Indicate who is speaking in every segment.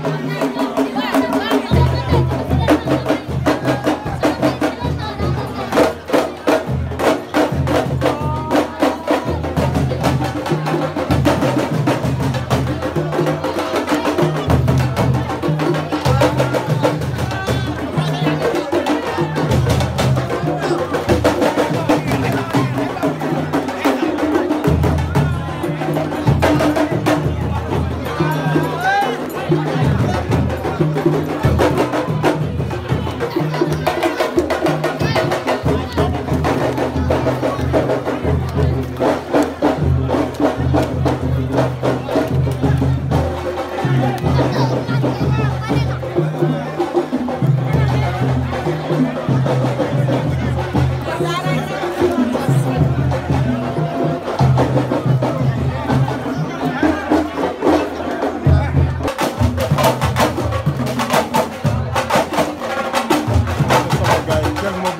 Speaker 1: Thank you. Thank you.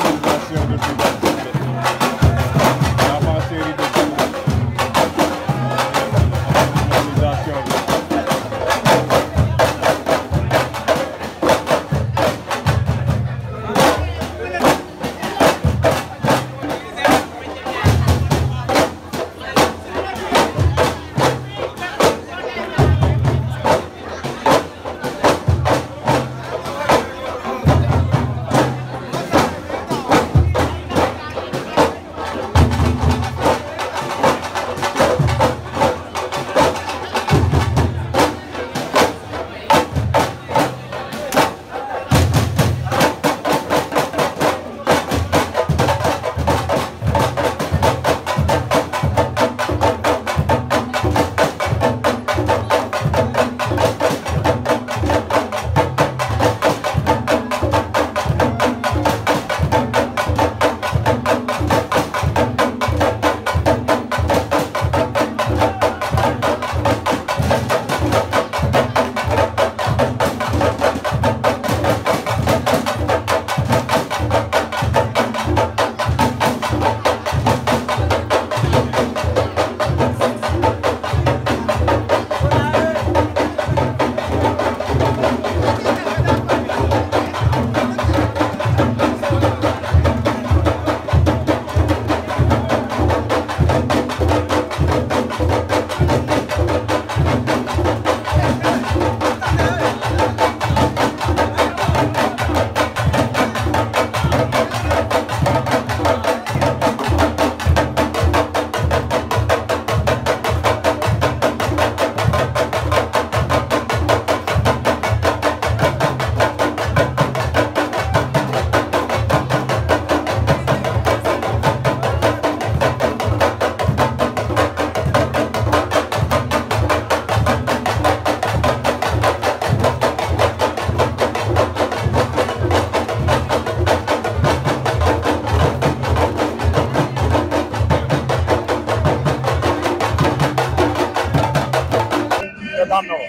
Speaker 1: daan na ko.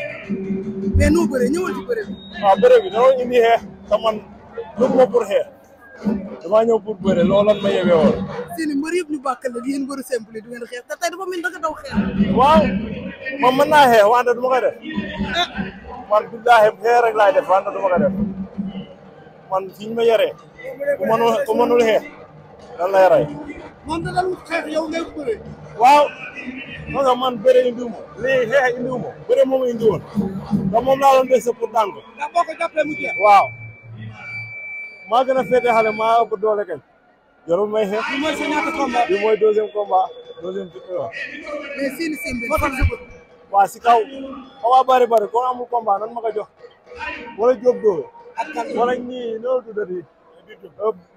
Speaker 1: mais noo bëree ñëwal ci bëree bi. waaw ah, bëree bi dama indi xeex te man dugg ma pour xeex damaa ñëw pour bëre loolu lan ma yeewee woon. i mbër yëpp ñu bàkkal la yéen mbëru simple man naa xeex wante du ma ko def. Ah. man billaahi xeex rek laay def wante du ma ko def man fi ma yoree. ku mënul ku mënul xeex lan nga man bëre indiwuma lii xeex indiwuma bëre moom indi woon da moom laa doon dese pour daan ko boo ko jàppee mu jeex waaw maa gën a féete xale maa ëpp doole kañ jarul may xeex bi mooy sa ñaata combat bi mooy deuxième combat deuxième victoire mais seen seen bi waa si kaw xaw bari bari kon amul combat nan ma ko jox wala jóob dóore kan? wala ñii noo tuddati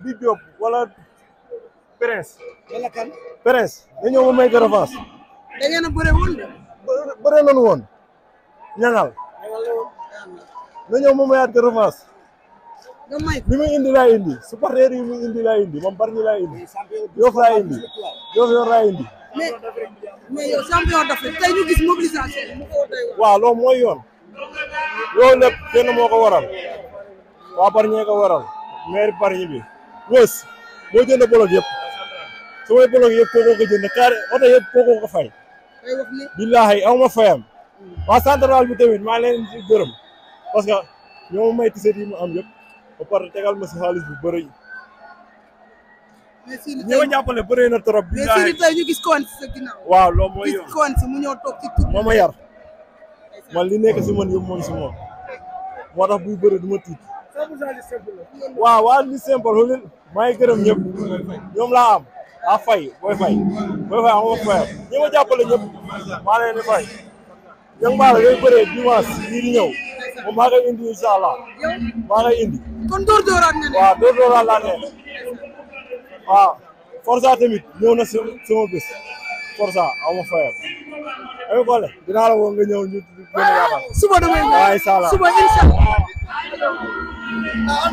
Speaker 1: bi jóob euh, wala prince wala kan prince na ma may ko da ngeen a bëre woon de. bëre nañu woon. ñangal. na ñëw mu mayaat ko revanche. nga may li muy indi laa indi supporter yi muy indi laa indi moom bari ñu indi. yoof laa indi yoof yor laa indi. mais mais yow champion d'Afrique tey ñu gis mobilisation bi mu ko doy waar. waaw loolu mooy yoon. loolu lépp kenn moo waral. waa Bargny ko waral. maire Bargny bi. wës moo jënd bolok yëpp. samay bolok yëpp kooku ko jënd carré oto yëpp kooku ko fay. billaahi aw fayam waa central bi tamit maa leen ci gërëm parce que may tiset yi am yëpp ba pare tegal ma si xaalis bu bëri. mais Sidi tey ñi na trop. billaahi mais Sidi tey ma li nekk si ma tiit. waaw waa li ngi gërëm ñëpp ñoom laa am. a ah, fay booy fay booy fay amul fayam ñi ma jàppale ñëpp maa leen di fay ñëw moom maa koy indi incha allah maa koy indi. kon dóor dóoraan nga ne. waaw dóor dóoraan laa ne waaw Forza tamit ñëw na sama bés Forza amul fayam. Ami Collé dinaa la woo nga ñëw ñu gën a yaakaar. suba damay ñëw waaw incha allah suba allah.